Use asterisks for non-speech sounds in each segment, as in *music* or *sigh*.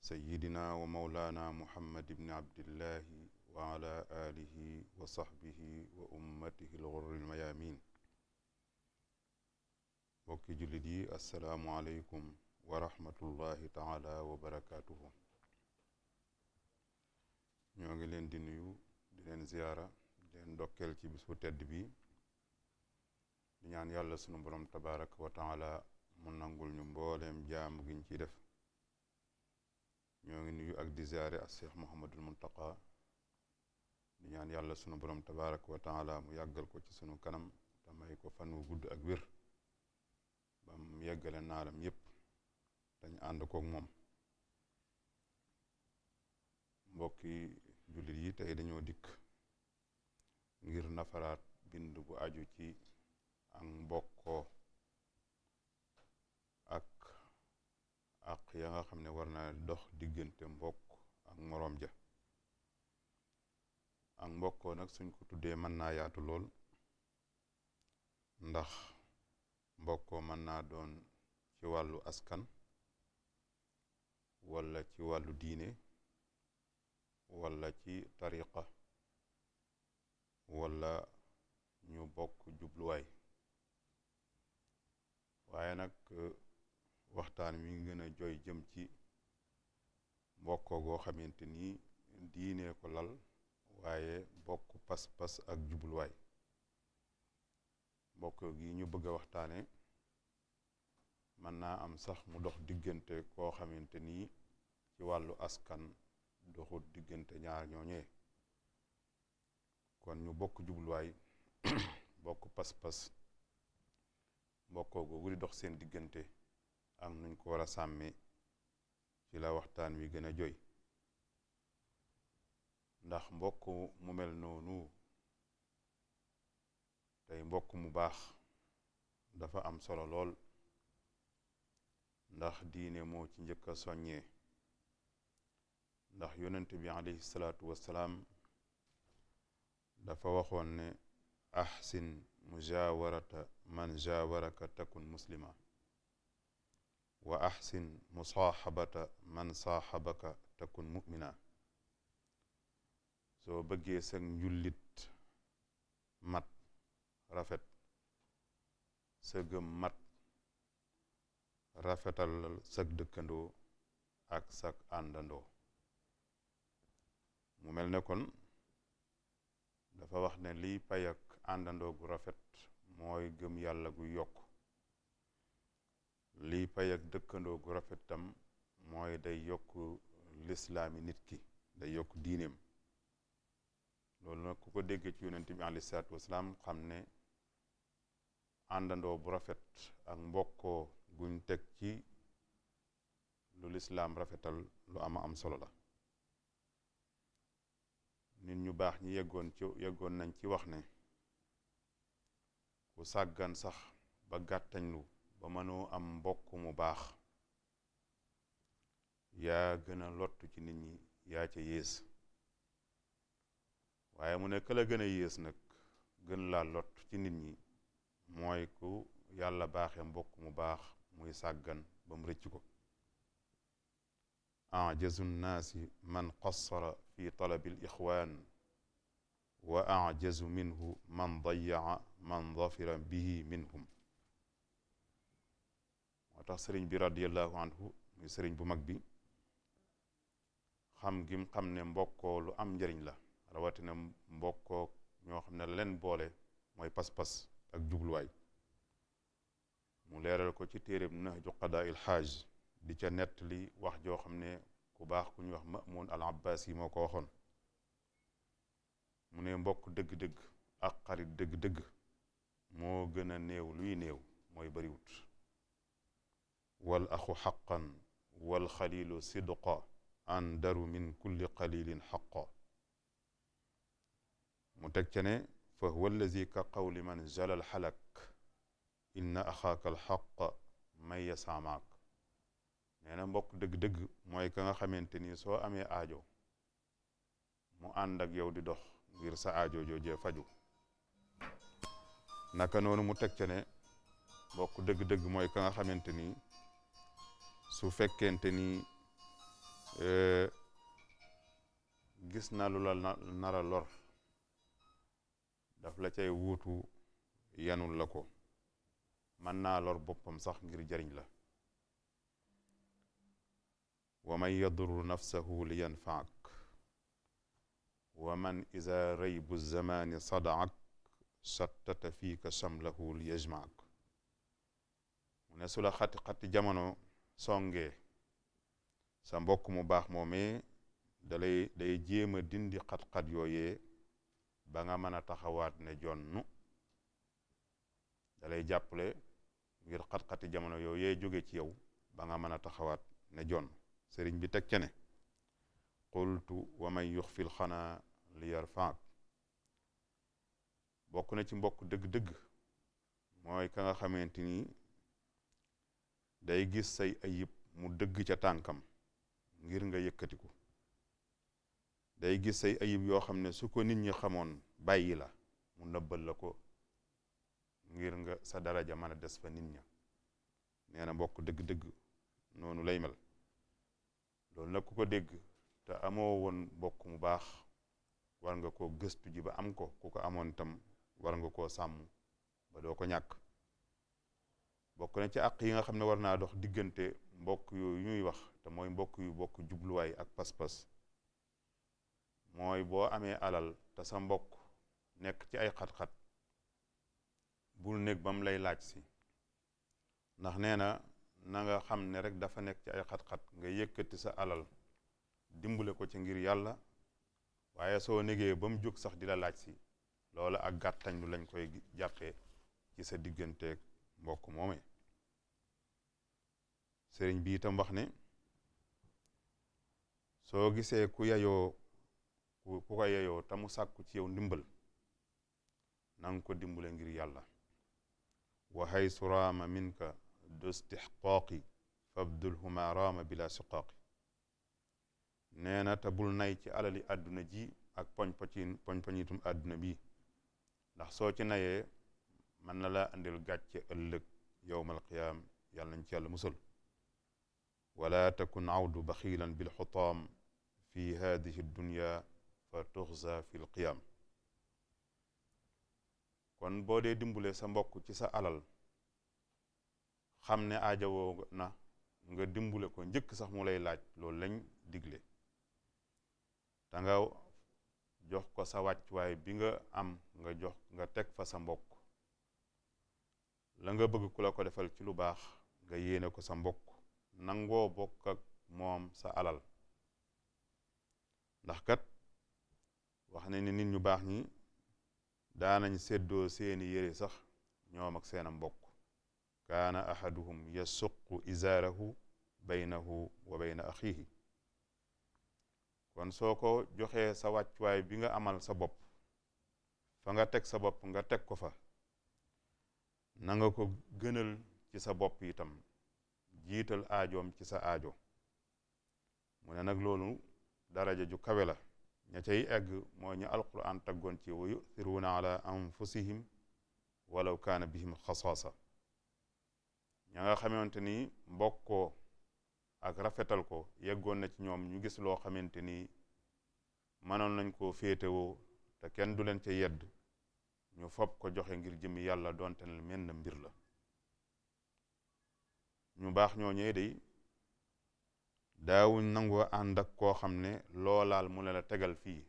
sayyidina wa mawlaana muhammad ibni abdillahi wa ala alihi wa sahbihi wa ummatihi lxurri lmayamin mbokki jullit yi assalaamu wa rahmatullahi taala wa barakaatuhu ñoo ngi leen di nuyu di leen ziyaara di leen dokkeel ci bis bu tedd bi di ñaan yàlla sunu borom tabaraka wa taala mu nangul ñu mbooleem jaam giñ ci def ñoo ngi nuyu ak di ziare ak Cheikh Mouhamadul Muntaqa di ñaan yàlla sunu borom tabaaraka wa mu yàggal ko ci sunu kanam te may ko fan wu gudd ak wér ba mu yeggale naalam yépp dañ ànd koog moom mbokki jullit yi tey dañoo dikk ngir nafaraat bind bu aju ci ak ya nga xam ne war naa dox diggante mbokk ak moroom ja ak mbokkoo nag suñ ko tuddee mën naa yaatu lool ndax mbokkoo mën naa doon ci wàllu askan walla ci wàllu diine walla ci tariqa walla ñu bokk jubluwaay waaye waxtaan mi ngi gën a jooy jëm ci mbokkoo goo xamante ni diinee ko lal waaye bokk pas-pas ak jubluwaay mbokkoo gi ñu bëgg a waxtaane mën naa am sax mu dox diggante koo xamante ni ci wàllu askan doxut diggante ñaar ñooñee kon ñu bokk jubluwaay *clears throat* bokk pas-pas mbokkoo googu di dox seen diggante am nuñ ko war a sàmme ci la waxtaan wi gën a joy ndax mbokk mu mel noonu tey mbokk mu baax dafa am solo lool ndax diine moo ci njëkk a soññee ndax yonent bi alayhi salaatu wassalaam dafa waxoon ne ahsin mujawarata man jawaraka takun muslima wa axsin musaaxabata man saaxabaka takun mumina soo bëggee sag njullit mat rafet sa gëm mat rafetal sag dëkkandoo ak sag àndandoo mu mel ne kon dafa wax ne liy payak àndandoo gu rafet mooy gëm yàlla gu yokk lii pay ak dëkkandoo gu rafet tam mooy day yokk lislaami nit ki day yokk diineem loolu nag ku ko déggee ci yonent bi aleyhi salaatu wasalaam xam ne àndandoo bu rafet ak mbokkoo guñ teg ci lu lislaam rafetal lu ama am solo la nit ñu baax ñi yeggoon ci yeggoon nañ ci wax ne ku sàggan sax ba gàttañlu ba mënoo am mbokk mu baax ya gën a lott ci nit ñi yaa ca yées waaye mu ne këla gën a yées nag gën la lott ci nit ñi mooy ku yàlla baaxe mbokk mu baax muy sàggan ba mu rëcc ko ajazu nnaasi man qassara fi talabi al wa ajazu minhu man dayaca man dafira bihi minhum tax sëriñ bi radiallahu anhu muy sëriñ bu mag bi xam gim xam ne mbokkoo lu am njariñ la rawatina mbokkoo ñoo xam ne leen boole mooy pas-pas ak jubluwaay mu leeral ko ci téeréb Nahju Qadaa'il Haaj di ca nett li wax joo xam ne ku baax ku ñuy wax Ma'mun al Abbas yi moo ko waxoon mu ne mbokk dëgg-dëgg ak xarit dëgg-dëgg moo gën a néew luy néew mooy bariwut wal axu xaqan wal xalilu sidqa an daru min kulli qalilin xaqa mu teg ca ne fa huwa allazi ka qawli man jalal xalak inna axaaka alxaqa may yasaamaak nee na mbokk dëgg-dëgg mooy ka nga xamante ni soo amee ajo mu ànd ak yow di dox ngir sa aajo joojee faju naka noonu mu teg ca ne mbokk dëgg-dëgg mooy ka nga xamante ni su fekkente ni e, gis na lu la nara lor daf la cay wuutu yanul la ko mën naa lor boppam sax ngir jariñ la wa man yadurru nafsahu li yanfaak wa man iza raybu zamani sadaak sattata fiika samlahu li yajmaak mu ne su la xati-xati jamono songe sa mbokk mu baax moomee dalay day jéem a dindi xat-xat yooyee ba nga mën a taxawaat ne jonn dalay jàppale ngir xat-xati jamono yooyee joge ci yow ba nga mën a taxawaat ne jonn sëriñ bi teg cene ne qultu wa man yuxfil xanaa li yarfaak bokk na ci mbokk dëgg-dëgg mooy ka nga xamante ni day gis say ayib mu dëgg ca tànkam ngir nga yëkkatiku day gis say ayib yoo xam ne su ko nit ñi xamoon bàyyi la mu nëbbal la ko ngir nga sa daraja mën des fa nit ña nee na mbokk dëgg-dëgg noonu lay mel loolu nag ku ko dégg te amoo woon mbokk mu baax war nga koo gëstu ji ba am ko ku ko amoon tam war nga koo sàmm ba doo ko ñàkk bokk na ci àq yi nga xam ne war naa dox diggante mbokk yooyu ñuy wax te mooy mbokk yu bokk jubluwaay ak pas-pas mooy boo amee alal te sa mbokk nekk ci ay xat-xat bul nekk lay laaj si ndax nee na na nga xam ne rek dafa nekk ci ay xat nga yëkkati sa alal dimbale ko ci ngir yàlla waaye soo négee ba mu jóg sax di la laaj si loola ak gàttañ lu lañ koy jàppee ci sa digganteek mbokk moome sëriñ bi itam wax ne soo gisee ku yayoo ku ko yayoo te mu sàkku ci yow ndimbal nanga ko dimbale ngir yàlla wa haysu raama minka du stixqaaqi fabdulhuma raama bila siqaaqi nee na te bul nay ci alali àdduna ji ak poñ pocin poñ poñitum bi ndax soo ci nayee man na laa andil gàcce ëllëg yowmal qiyaam yàlla nañ ci yàlla musal wala takun awdu baxiilan bil xutaam fi haadihi dunya fa tuxza fi lqiyaam kon boo dee dimbule sa mbokk ci sa alal xam ne aajawoo na nga dimbule ko njëkk sax mu laaj loolu lañ digle te nga jox ko sa wàccuwaay bi nga am nga jox nga teg fa sa mbokk la nga bëgg ku la ko defal ci lu baax nga yéene ko sa mbokk nangoo bokk ak moom sa alal ndax kat wax na ne nit ñu baax ñi daanañ seddoo seeni yére sax ñoom ak seen mbokk kaana ahaduhum yasuqu izaarahu baynahu wa bayna axiihi kon soo ko joxee sa wàccuwaay bi nga amal sa bopp fa nga teg sa bopp nga teg ko fa na nga ko gënal ci sa bopp yitam jiital aajoom ci sa aajo mu ne nag loolu daraja ju kawe la ña cay egg moo ñu alquran taggoon ci wa yuthiruuna ala anfusihim walaw kaana bihim xasaasa ña nga xamante ni mbokkoo ak rafetal ko yeggoon na ci ñoom ñu gis loo xamante ni mënoon nañ koo féetewoo te kenn du leen ca yedd ñu fob ko joxe ngir jëmi yàlla doonte ne menn mbir la ñu baax ñoo ñëwee day daawuñ nangoo ànd ak koo xam ne loolaal mu ne la tegal fii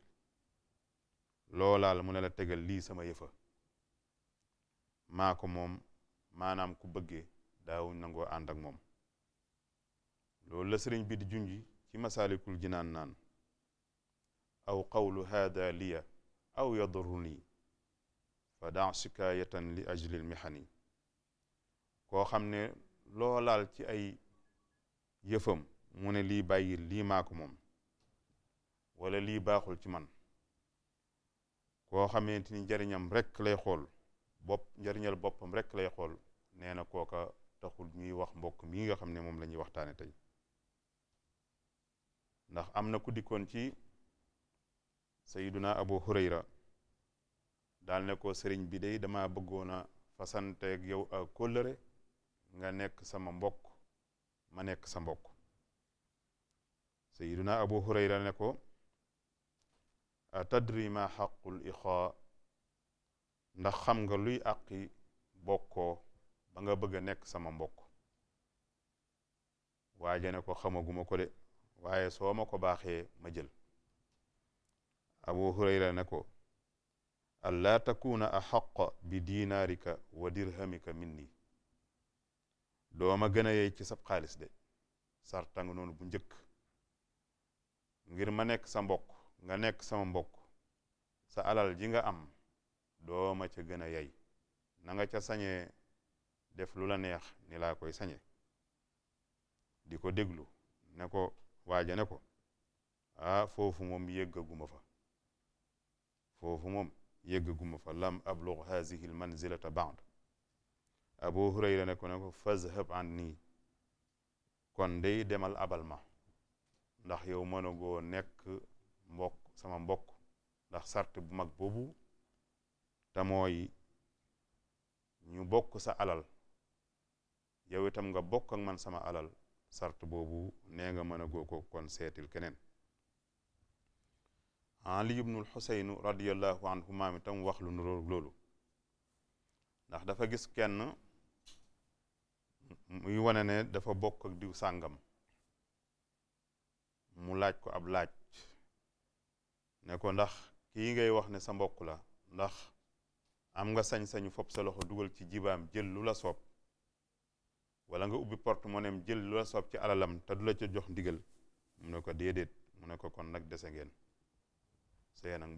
loolaal mu ne la tegal lii sama yëfa maa ko moom maanaam ku bëggee daawuñ nangoo ànd ak moom loolu la sëriñ bi di junji ci masaalikul jinaan naan aw qawlu haada liya aw yadurru nii fa daa sikaayatan li ajlil mihani koo xam ne loolaal ci ay yëfam mu ne lii bàyyi lii maa moom wala lii baaxul ci man koo xamante ni njariñam rek lay xool bopp njariñal boppam rek lay xool nee na kooka taxul ñuy wax mbokk mii nga xam ne moom la ñuy waxtaane tey ndax am na ku dikkoon ci sayiduna abu hurayra daal ne ko sëriñ bi day dama bëggoon a fasanteeg yow ak kóllëre nga nekk sama mbokk ma nekk sa mbokk sayiduna abu hurayra ne ko a tadri ma xaqul ixaa ndax xam nga luy àqi bokkoo ba nga bëgga a nekk sama mbokk waaje ne ko xamaguma ko de waaye soo ma ko baaxee ma jël abu hurayra ne ko an laa a axaqa bi diinaarika wa dirhamika minni dooma gën a yey ci sab xaalis de sartang noonu bu njëkk ngir ma nekk sa mbokk nga nekk sa mbok sa alal ji nga am dooma ca gën a yey na nga ca sañee def lu la neex ni laa koy sañe di ko déglu ne ko waaja ne ko aa ah, foofu moom yëggaguma fa foofu moom yëggaguma fa lam ablug hazihi l manzilata baad abu hurayra ne ko ne ko fazhab an nii kon day demal abal ma ndax yow mënagoo nekk mbokk sama mbokk ndax sart bu mag boobu te mooy ñu bokk sa alal yow tam nga bokk ak man sama alal sart boobu nee nga mën ko kon seetil keneen Ali ibnul Xuseynu radiyallahu anhu maam itam wax lu nuróog loolu ndax dafa gis kenn muy wane ne dafa bokk ak diw sàngam mu laaj ko ab laaj nekko ndax kii ngay wax ne sa mbokk la ndax am nga sañ-sañu fopp sa loxo dugal ci jibaam jël lu la soob walla nga ubbi porte-monnaie jël lu la soob ci alalam te du la ca jox ndigal mu ne ko déedéet mu ne ko kon nag dese ngeen te yéen a ngi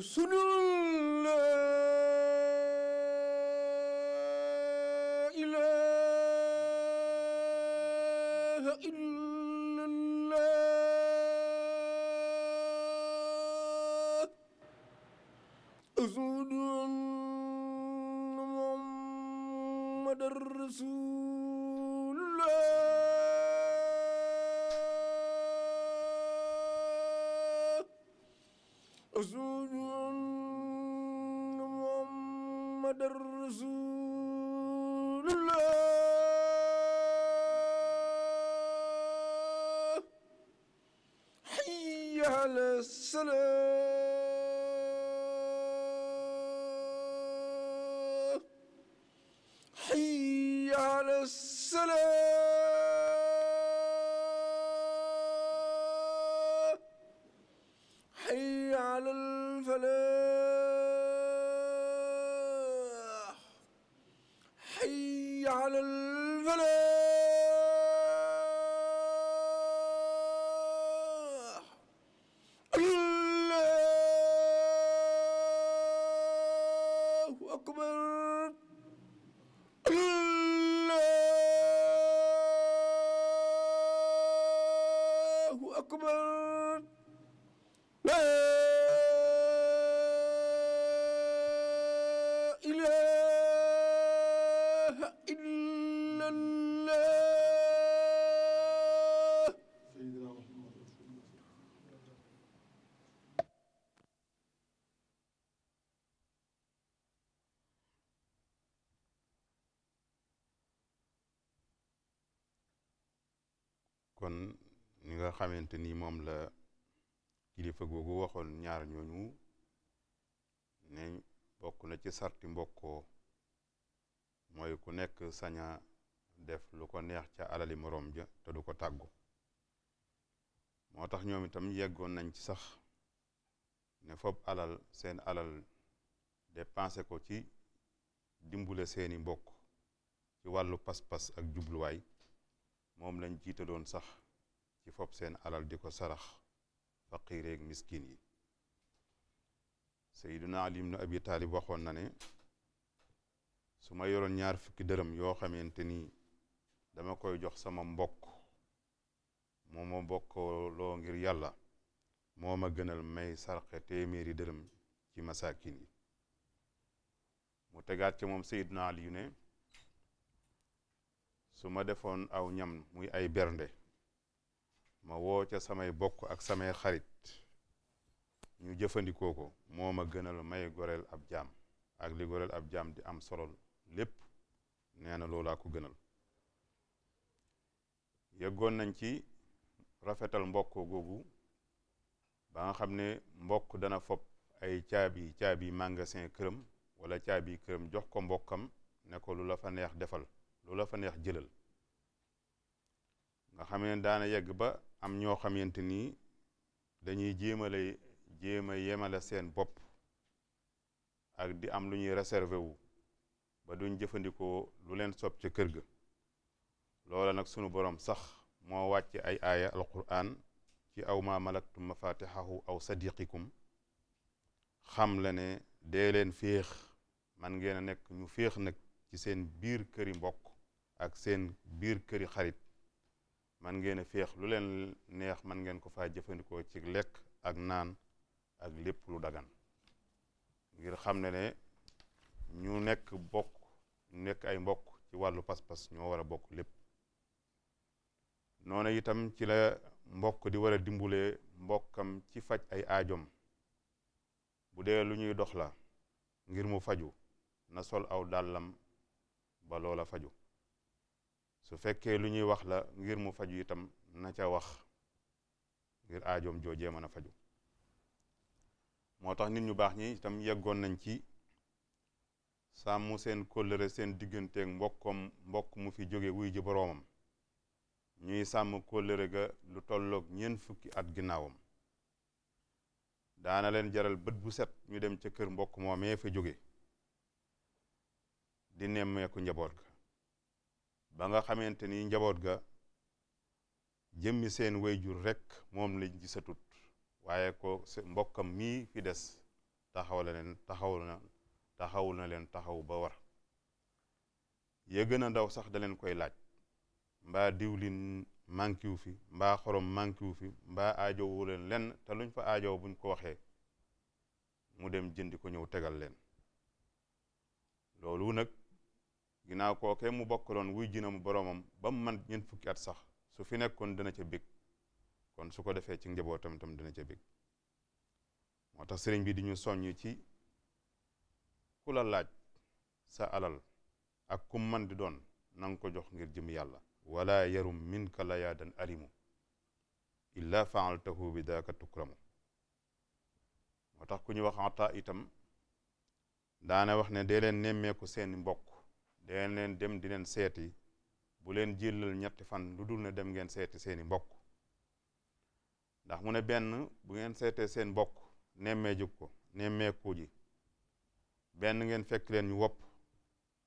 sunu la ilaha illa محمد رسول الله حي على السلام Allahu akbar te ni moom la kilifa googu waxoon ñaar ñooñu ne bokk na ci sarti mbokkoo mooy ku nekk saña def lu ko neex ca alali moroom ja te du ko tàggu moo tax ñoom itam yeggoon nañ ci sax ne fob alal seen alal dépensé ko ci dimbule seeni mbokk ci wàllu pas-pas ak jubluwaay moom lañ jiita doon sax ci seen alal di ko sarax faqiireeg miskin yi sayyiduna ali ibnu abi taalib waxoon na ne su ma yoroon ñaar fukki dërëm yoo xamante ni dama koy jox sama mbokk moo ma bokkaloo ngir yàlla moo ma gënal may sarxe téeméeri dërëm ci masakin yi mu tegaat ci moom sayyiduna ali yu ne su ma defoon aw ñam muy ay bernde ma woo ca samay bokk ak samay xarit ñu jëfandikoo ko moo ma gënal may goreel ab jaam ak li goreel ab jaam di am solo lépp nee na loolaa ko gënal yeggoon nañ ci rafetal mbokk googu ba nga xam ne mbokk dana fopp ay caabi caabi magasin këram wala caabi këram jox ko mbokkam ne ko lu la fa neex defal lu la fa neex jëlal nga xam ne daana yegg ba am ñoo xamante ni dañuy jéemale jéem a yemale seen bopp ak di am lu ñuy réservé wu ba duñ jëfandikoo lu leen sob ca kër ga loola nag sunu borom sax moo wàcce ay aaya alquran ci aw ma malaktum mafatixahu aw sadiqikum xam la ne dee leen féex man ngeen a nekk ñu féex nag ci seen biir këri mbokk ak seen biir këri xarit man ngeen a féex lu leen neex man ngeen ko faa jëfandikoo ci lekk ak naan ak lépp lu dagan ngir xam ne ne ñu nekk bokk nekk ay mbokk ci wàllu pas-pas ñoo war a bokk lépp noonu itam ci la mbokk di war a dimbulee mbokkam ci faj ay aajom bu dee lu ñuy dox la ngir mu faju na sol aw dàllam ba loola faju su fekkee lu ñuy wax la ngir mu faju yitam na ca wax ngir aajoom joojee mën a faju moo tax nit ñu baax ñi itam yeggoon nañ ci sàmm seen kóllëre seen digganteeg mbokkom mbokk mu fi jóge wuy ji boroomam ñuy sàmm kóllëre ga lu tollook ñeent fukki at ginnaawam daana leen jaral bët bu set ñu dem ca kër mbokk moomee fa jóge di nemmeeku njaboot ga ba nga xamante ni njaboot ga jëmmi seen wayjur rek moom lañ gisatut waaye ko mbokkam mii fi des taxaw la leen taxaw na taxawul na leen taxaw ba war ya gën a ndaw sax da leen koy laaj mbaa diwlin manqué wu fi mbaa xorom manqué wu fi mba aajowu leen lenn te luñ fa aajow buñ ko waxee mu dem jëndi ko ñëw tegal leen loolu nag ginnaaw kookee mu bokkaloon wuy jina mu boroomam ba mu man ñeent fukki at sax su fi nekkoon dana ca bég kon su ko defee ci njabootam tam dana ca bég moo tax sëriñ bi di ñu soññ ci kula laaj sa alal ak kum man di doon na ko jox ngir jëm yàlla wala yarum minka la yaadan arimu illa faaltahu bi daaka tukramu moo tax ku ñu wax ata itam daana wax ne dee leen nemmeeku seen mbokk deen leen dem di leen seeti bu leen jëlal ñetti fan lu dul na dem ngeen seeti seeni mbokk ndax mu ne benn bu ngeen seetee seen mbokk nemmee jug ko nemmeeku ji benn ngeen fekk leen ñu wopp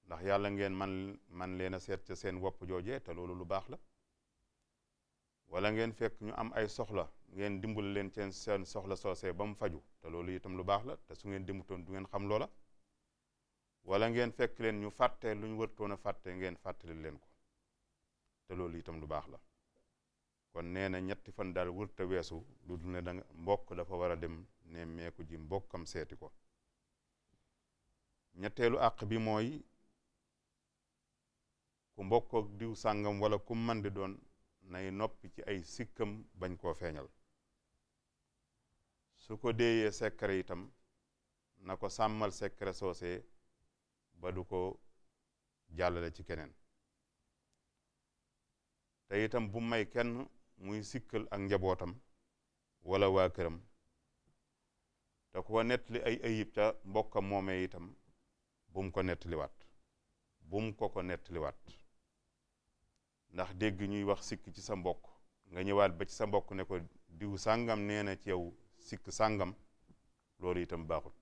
ndax yàlla ngeen man man leen a seet ca seen wopp joojee te loolu lu baax la wala ngeen fekk ñu am ay soxla ngeen dimbal leen seen seen soxla soosee ba mu faju te loolu itam lu baax la te su ngeen dimbutoon du ngeen xam loola wala ngeen fekk leen ñu fàtte lu ñu wërtoon a fàtte ngeen fàttali leen ko te loolu itam lu baax la kon nee na ñetti fan daal wërta weesu lu dul ne danga mbokk dafa war a dem nemmeeku ji mbokkam seeti ko ñetteelu àq bi mooy ku mbokkook diw sàngam wala ku man di doon nay noppi ci ay sikkam bañ koo feeñal su ko déeyee secret itam na ko sàmmal secret soosee ba du ko jàllale ci keneen te itam bu may kenn muy sikkal ak njabootam wala waa këram te ku ko nettali ay ayib ca mbokkam moomee itam bum ko nettaliwaat bum ko ko nettaliwaat ndax dégg ñuy wax sikk ci sa mbokk nga ñëwaat ba ci sa mbokk ne ko diw sàngam neena na ci yow sikk sàngam loolu itam baaxut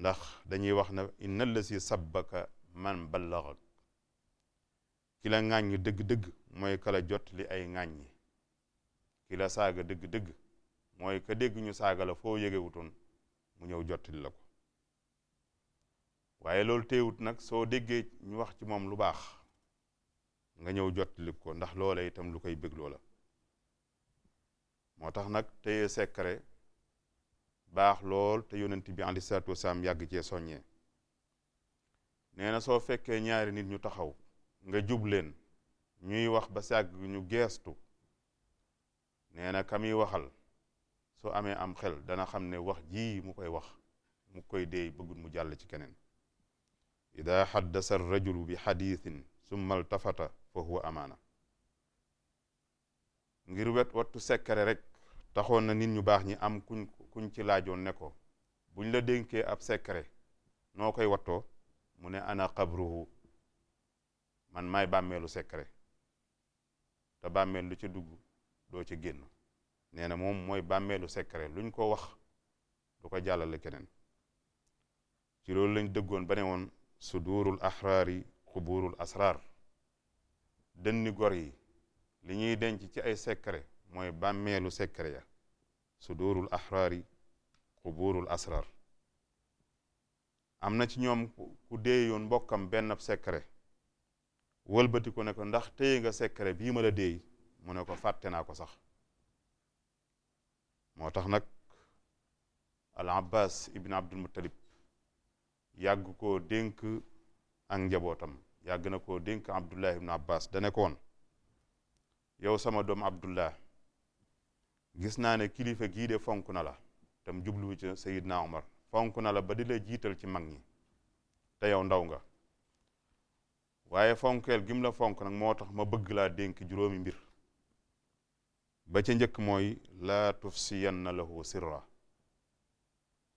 ndax dañuy wax na inna allazi sabbaka man ballagak ki la ŋàññ dëgg-dëgg mooy ka la ay ŋàññi ki la saaga dëgg-dëgg mooy ka dégg ñu saaga la foo yëgewutoon mu ñëw jottali la ko waaye loolu teewut nag soo déggee ñu wax ci moom lu baax nga ñëw jottali ko ndax loola itam lu koy bégloo la moo tax nag téye secret baax lool te yonent bi aleyhi salaatu wasalaam yàgg cee soññee nee na soo fekkee ñaari nit ñu taxaw nga jub leen ñuy wax ba sàgg ñu geestu nee na ka muy waxal soo amee am xel dana xam ne wax ji mu koy wax mu koy deey bëggul mu jàll ci keneen ida xaddasa rajulu bi xadiisin summa altafata fa huwa amaana ngir wet wattu sekkare rek taxoon na nit ñu baax ñi am kuñ kuñ ci laajoon ne ko buñ la dénkee ab secret noo koy wattoo mu ne ana xabruhu man maay bàmmeelu secret te bàmmeel lu ci dugg doo ci génn nee na moom mooy bàmmeelu secret luñ ko wax du ko jàllale keneen ci loolu lañ dëggoon ba ne woon suduurul ahraari xubuurul asraar dënni gor yi li ñuy denc ci ay secret mooy bàmmeelu secret ya sudurul ahraari quburul asrar am na ci ñoom ku dee yoon mbokkam benn secret wëlbati ko ne ko ndax téye nga secret bii ma la déey mu ne ko fàtte naa ko sax moo tax nag al abbas ibn abdul muttalib yàgg koo dénk ak njabootam yàgg na ko dénk abdullah ibn abbas dane koon yow sama doom abdullah gis naa ne kilifa gii de fonk na la tam jublu ci Seydina Omar fonk na la ba di la jiital ci mag ñi te yow ndaw nga waaye fonkeel gim la fonk nag moo tax ma bëgg laa dénk juróomi mbir ba ca njëkk mooy laa tufsiyanna lahu sirra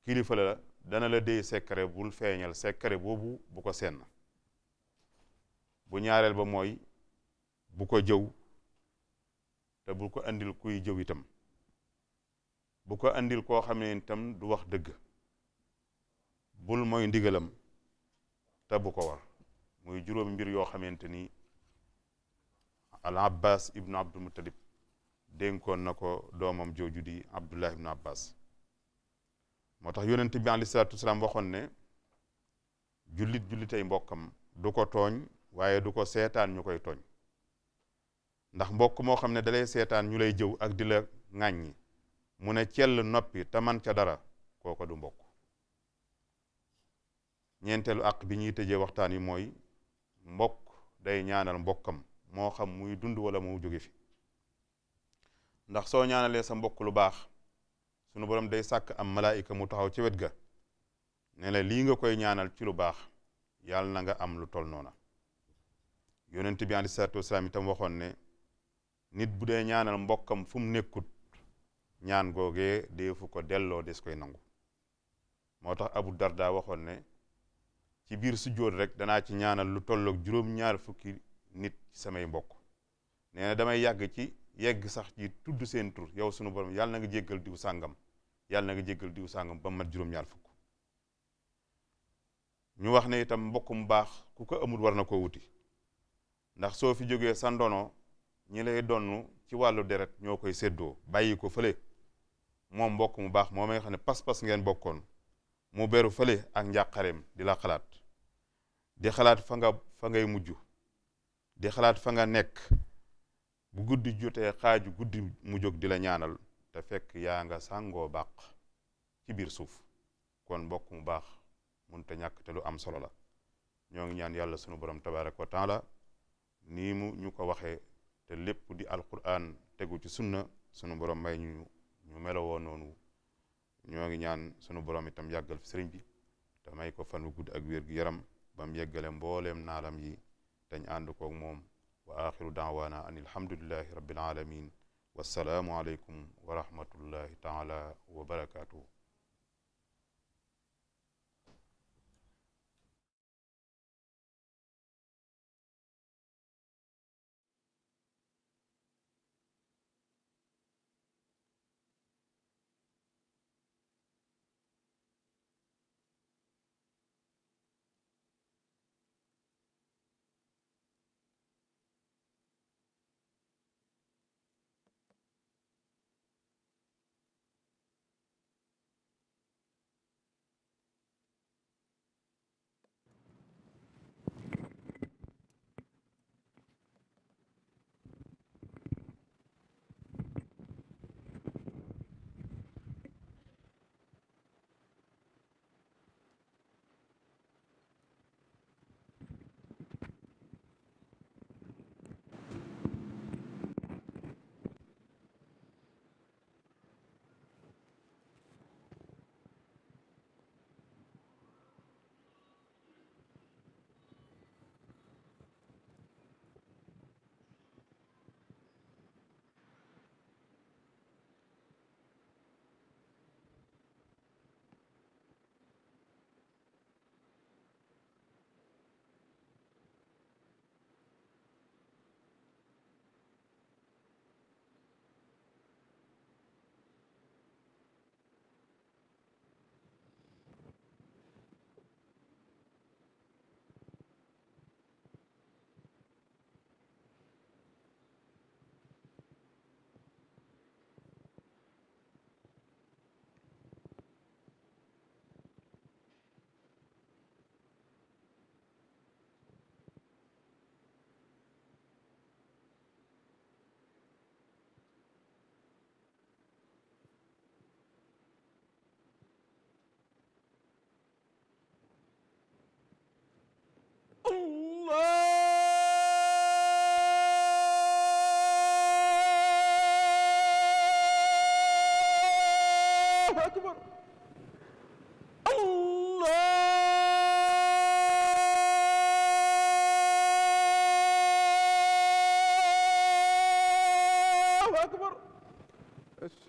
kilifa la dana la déy secret bul feeñal secret boobu bu ko senn bu ñaareel ba mooy bu ko jëw te bu ko andil kuy jëw bu ko andil koo xam du wax dëgg bul moy ndigalam te bu ko war muy juróom mbir yoo xamante ni al abbas ibnu abdul muttalib dénkoon na ko doomam jooju di abdullah ibnu abbas moo tax yonent bi alei salatu wasalaam waxoon ne jullit jullitay mbokkam du ko tooñ waaye du ko seetaan ñu koy tooñ ndax mbokk moo xam ne dalay seetaan ñu lay jëw ak di la ŋàññi mu ne cell noppi te man ca dara kooko du mbokk ñeenteelu àq bi ñuy tëjee waxtaan wi mooy mbokk day ñaanal mbokkam moo xam muy dund wala mu jóge fi ndax soo ñaanalee sa mbokk lu baax sunu borom day sàkk am malaayika mu taxaw ci wet ga ne la lii nga koy ñaanal ci lu baax yàlla na nga am lu tol noona yonent bi aleyhi salaatu wasalaam itam waxoon ne nit bu dee ñaanal mbokkam fu mu nekkut ñaan googee deefu ko delloo des koy nangu moo tax Abu Darda waxoon ne ci biir sujjóot rek danaa ci ñaanal lu tolloog juróom-ñaar fukki nit samay mbokk nee na damay yàgg ci yegg sax ci tudd seen tur yow sunu borom yàlla na nga jéggal diw sàngam yàlla na nga jéggal sàngam ba mat juróom-ñaar fukk ñu wax ne itam mbokk mu baax ku ko amul war na koo wuti ndax soo fi jógee sa ndono ñi lay donn ci wàllu deret ñoo koy séddoo bàyyi ko fële moom mbokk mu baax moom nga xam ne pas-pas ngeen bokkoon mu beru fële ak njàqareem di la xalaat di xalaat fa nga fa ngay mujj di xalaat fa nga nekk bu guddi jutee xaaju guddi mu di la ñaanal te fekk yaa nga sàngoo bàq ci biir suuf kon mbokk mu baax mënut a ñàkk te lu am solo la ñoo ngi ñaan yàlla sunu borom tabaraka wa taala nii mu ñu ko waxee te lépp di alquran tegu ci sunna sunu borom may ñu ñu melowoo noonu ñoo ngi ñaan sunu borom itam yàggal fi sëriñ bi te may ko fan wu gudd ak wér yaram bam yeggale mbooleem naalam yi dañ ànd koog moom wa axiru daawaana an alhamdulillahi rabbil alamin wassalaamu aleykum wa taala wa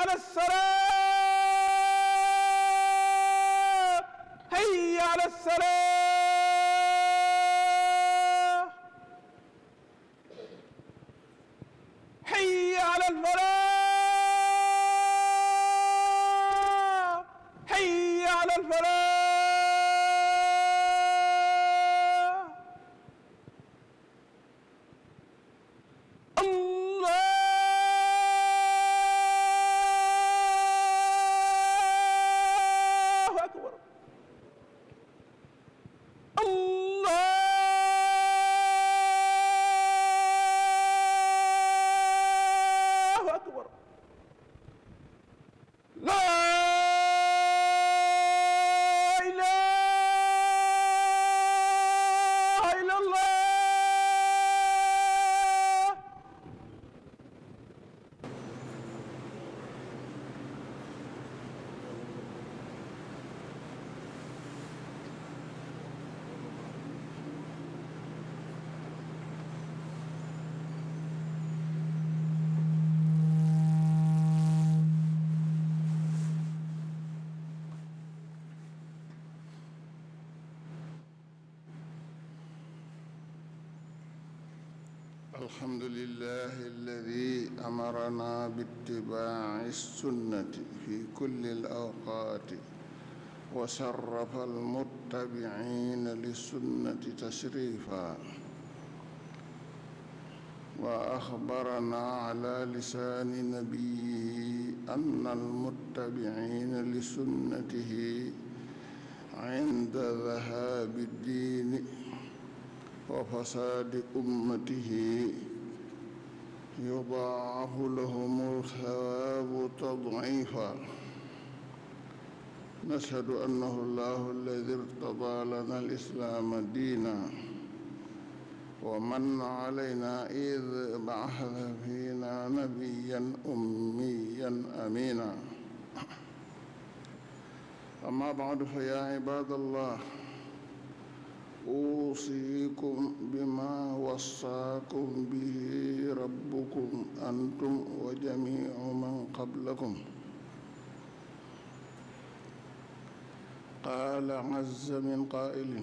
على الصلاة هيا على الصلاة الحمد لله الذي أمرنا باتباع السنة في كل الأوقات وشرف المتبعين للسنة تشريفا وأخبرنا على لسان نبيه أن المتبعين لسنته عند ذهاب الدين وفساد أمته يضاعف لهم الثواب تضعيفا نشهد أنه الله الذي ارتضى لنا الإسلام دينا ومن علينا إذ بعث فينا نبيا أميا أمينا أما بعد فيا عباد الله أوصيكم بما وصاكم به ربكم أنتم وجميع من قبلكم قال عز من قائل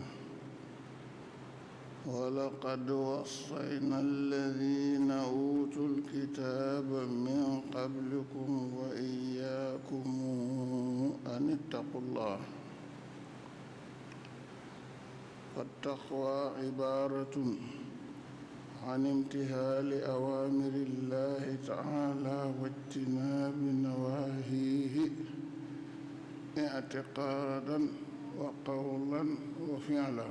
ولقد وصينا الذين أوتوا الكتاب من قبلكم وإياكم أن اتقوا الله التقوى عبارة عن امتثال أوامر الله تعالى واجتناب نواهيه اعتقادا وقولا وفعلا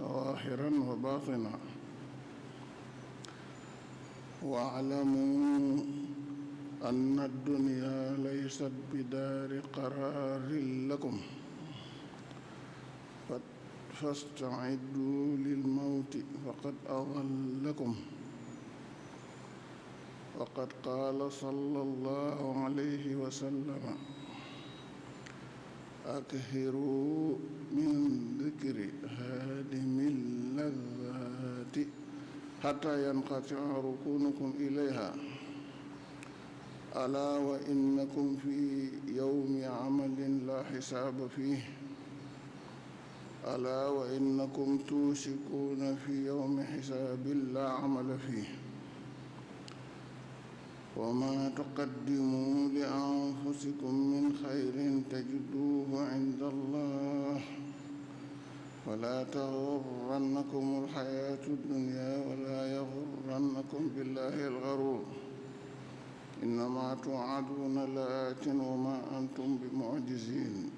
ظاهرا وباطنا واعلموا أن الدنيا ليست بدار قرار لكم fastacidu lilmawti faqad agallakum waqad qaala sallallahu alayhi wa sallam akhiru min dikri haadimi lladaati xataa yanqatia rukunukum ilayha alaa wa innakum fi yawmi camalin laa xisaaba fiih ألا وإنكم توشكون في يوم حساب لا عمل فيه وما تقدموا لأنفسكم من خير تجدوه عند الله ولا تغرنكم الحياة الدنيا ولا يغرنكم بالله الغرور إنما توعدون لآت وما أنتم بمعجزين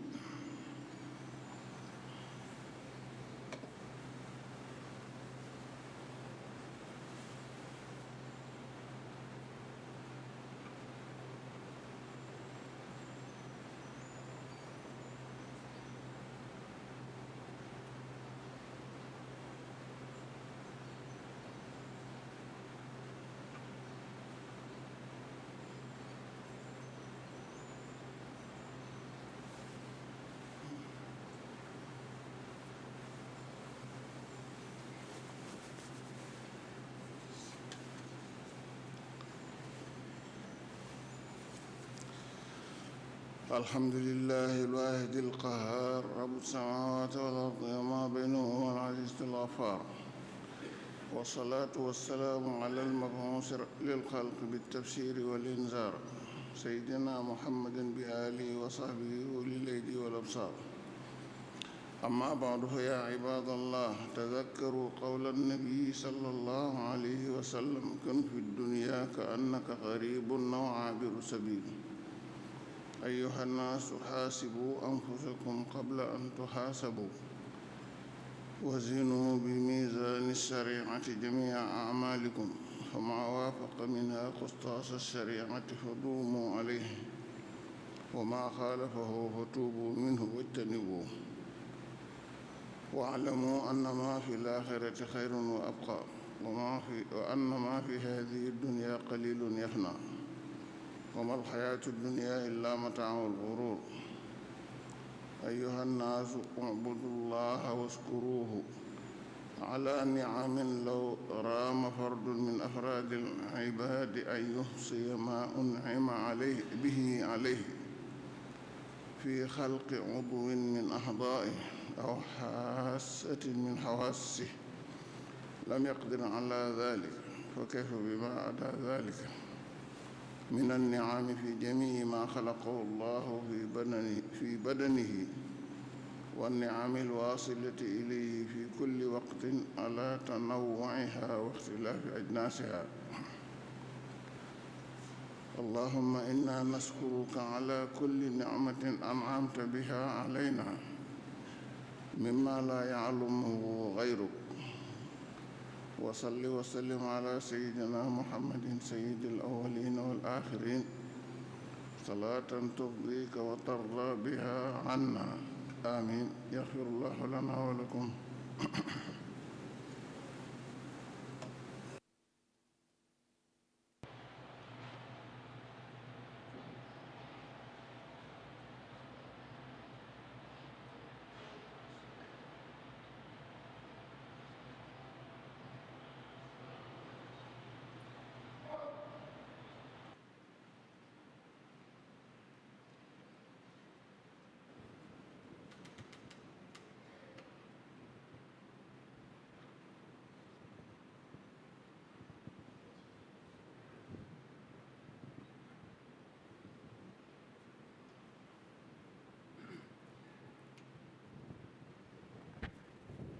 الحمد لله الواحد القهار رب السماوات والأرض وما بينهما العزيز الغفار والصلاة والسلام على المبعوث للخلق بالتفسير والإنذار سيدنا محمد بآله وصحبه أولي الأيدي والأبصار أما بعد فيا عباد الله تذكروا قول النبي صلى الله عليه وسلم كن في الدنيا كأنك غريب أو عابر سبيل أيها الناس حاسبوا أنفسكم قبل أن تحاسبوا وزنوا بميزان الشريعة جميع أعمالكم فما وافق منها قسطاس الشريعة فدوموا عليه وما خالفه فتوبوا منه واجتنبوه واعلموا أن ما في الآخرة خير وأبقى وما في وأن ما في هذه الدنيا قليل يفنى وما الحياة الدنيا إلا متاع الغرور أيها الناس اعبدوا الله واشكروه على نعم لو رام فرد من أفراد العباد أن يحصي ما أنعم عليه به عليه في خلق عضو من أعضائه أو حاسة من حواسه لم يقدر على ذلك فكيف بما عدا ذلك من النعم في جميع ما خلقه الله في بدنه, في بدنه والنعم الواصلة إليه في كل وقت على تنوعها واختلاف أجناسها اللهم إنا نشكرك على كل نعمة أنعمت بها علينا مما لا يعلمه غيرك وصل وسلم على سيدنا محمد سيد الأولين والآخرين صلاة ترضيك وترضى بها عنا آمين يغفر الله لنا ولكم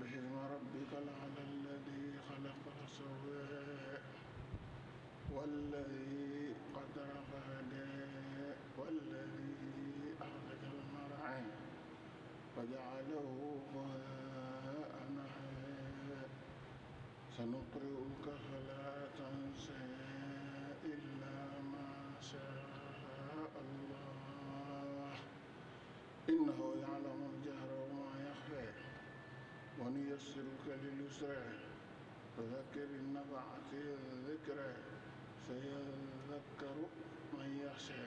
بحلم ربك على الذي خلق فسوى والذي قدر فهدى والذي أخرج المرعى وجعله ماء محيا سنقرئك فلا تنسى إلا ما شاء الله إنه يعلم ونيسرك لليسرى فذكر إن نفعت الذكرى سيذكر من يخشى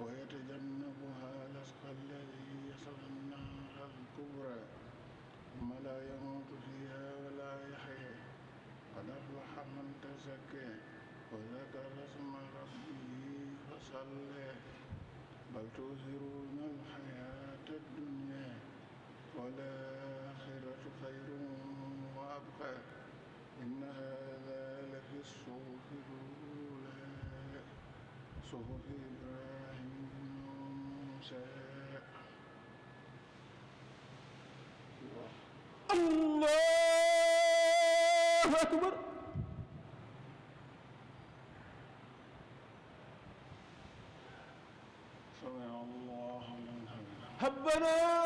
ويتجنبها الأشقى الذي يصلى النار الكبرى ثم لا يموت فيها ولا يحيى قد أفلح من تزكى وذكر اسم ربه فصلى بل تؤثرون الحياة الدنيا والآخرة خير وأبقى إن هذا لفي الصحف الأولى صحف إبراهيم وموسى الله أكبر سمع الله من حمده ربنا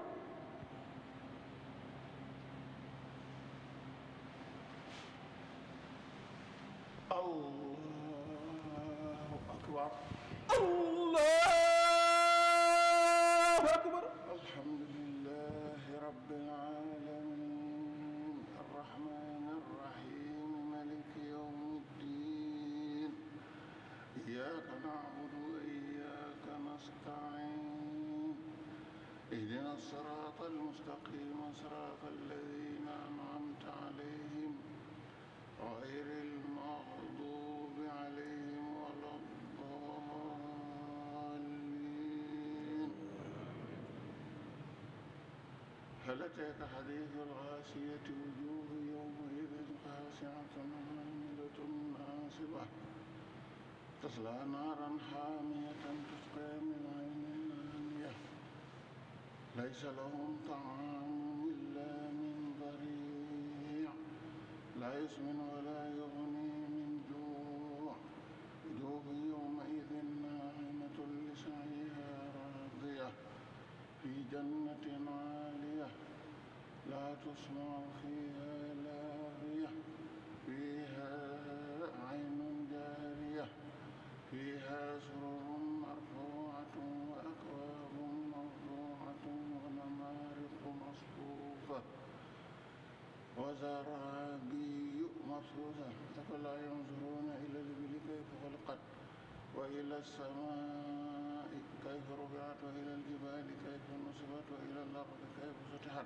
هل أتاك حديث الغاشية وجوه يومئذ خاشعة مهملة ناصبة تصلى نارا حامية تسقى من عين آنية ليس لهم طعام إلا من ضريع لا يسمن ولا يغني من جوع وجوه يومئذ ناعمة لسعيها راضية في جنة تسمع فيها لاغية فيها عين جارية فيها سرر مرفوعة وأكواب موضوعة ونمارق مصفوفة وزرابي مبثوثة أفلا ينظرون إلى الإبل كيف خلقت وإلى السماء كيف رفعت وإلى الجبال كيف نصبت وإلى الأرض كيف سطحت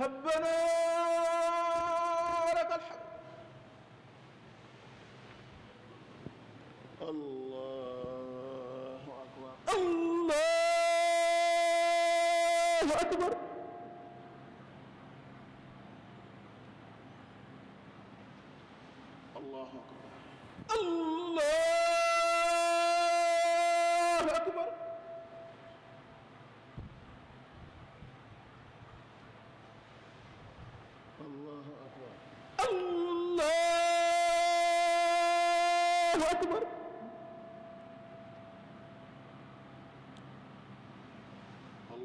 ربنا لك الحمد الله أكبر الله أكبر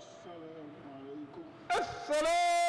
assalaamu aleykum